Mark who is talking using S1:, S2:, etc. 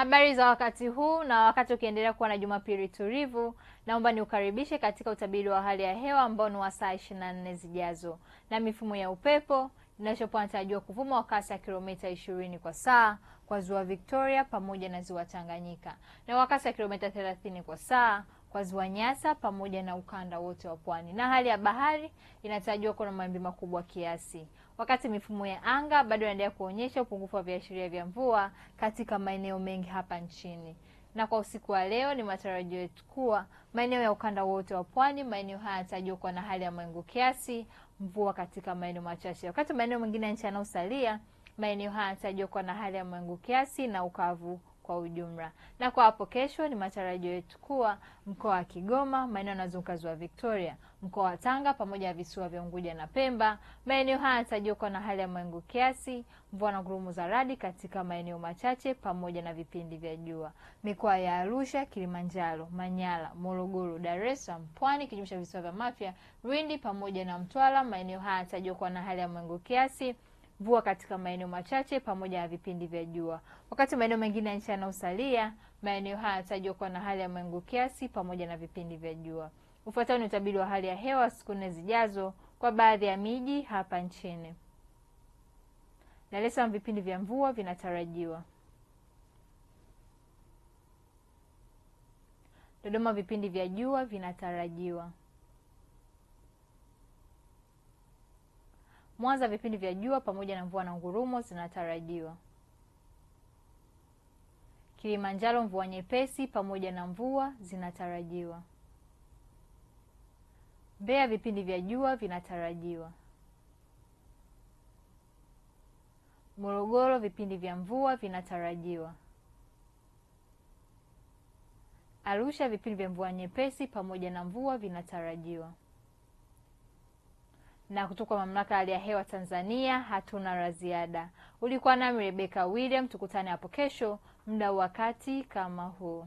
S1: Habari za wakati huu na wakati ukiendelea kuwa na Jumapili tulivu, naomba niukaribishe katika utabiri wa hali ya hewa ambao ni wa saa 24 zijazo. Na mifumo ya upepo inachopoa inatarajiwa kuvuma wa kasi ya kilomita 20 kwa saa kwa ziwa Victoria pamoja na ziwa Tanganyika na kwa kasi ya kilomita 30 kwa saa kwa ziwa Nyasa pamoja na ukanda wote wa pwani, na hali ya bahari inatajwa kuwa na mawimbi makubwa kiasi, wakati mifumo ya anga bado inaendelea kuonyesha upungufu wa viashiria vya mvua katika maeneo mengi hapa nchini. Na kwa usiku wa leo, ni matarajio yetu kuwa maeneo ya ukanda wote wa pwani, maeneo haya yanatajwa kuwa na hali ya mawingu kiasi, mvua katika maeneo machache, wakati maeneo mengine ya nchi yanayosalia, maeneo haya yanatajwa kuwa na hali ya mawingu kiasi na ukavu kwa ujumla. Na kwa hapo kesho, ni matarajio yetu kuwa mkoa wa Kigoma, maeneo yanayozunguka ziwa Victoria, mkoa wa Tanga pamoja na visiwa vya Unguja na Pemba, maeneo haya yanatarajiwa kuwa na hali ya mawingu kiasi, mvua na ngurumo za radi katika maeneo machache pamoja na vipindi vya jua. Mikoa ya Arusha, Kilimanjaro, Manyara, Morogoro, Dar es Salaam, Pwani kijumlisha visiwa vya Mafia, Lindi pamoja na Mtwara, maeneo haya yanatarajiwa kuwa na hali ya mawingu kiasi mvua katika maeneo machache pamoja na vipindi vya jua. Wakati maeneo mengine ya nchi yanaosalia maeneo haya yanatajwa kuwa na hali ya mawingu kiasi pamoja na vipindi vya jua. Ufuatao ni utabiri wa hali ya hewa siku nne zijazo kwa baadhi ya miji hapa nchini. Dar es Salaam, vipindi vya mvua vinatarajiwa. Dodoma, vipindi vya jua vinatarajiwa. Mwanza vipindi vya jua pamoja na mvua na ngurumo zinatarajiwa. Kilimanjaro mvua nyepesi pamoja na mvua zinatarajiwa. Mbeya vipindi vya jua vinatarajiwa. Morogoro vipindi vya mvua vinatarajiwa. Arusha vipindi vya mvua nyepesi pamoja na mvua vinatarajiwa na kutoka mamlaka ya hali ya hewa Tanzania hatuna la ziada. Ulikuwa nami Rebeka William, tukutane hapo kesho muda wakati kama huu.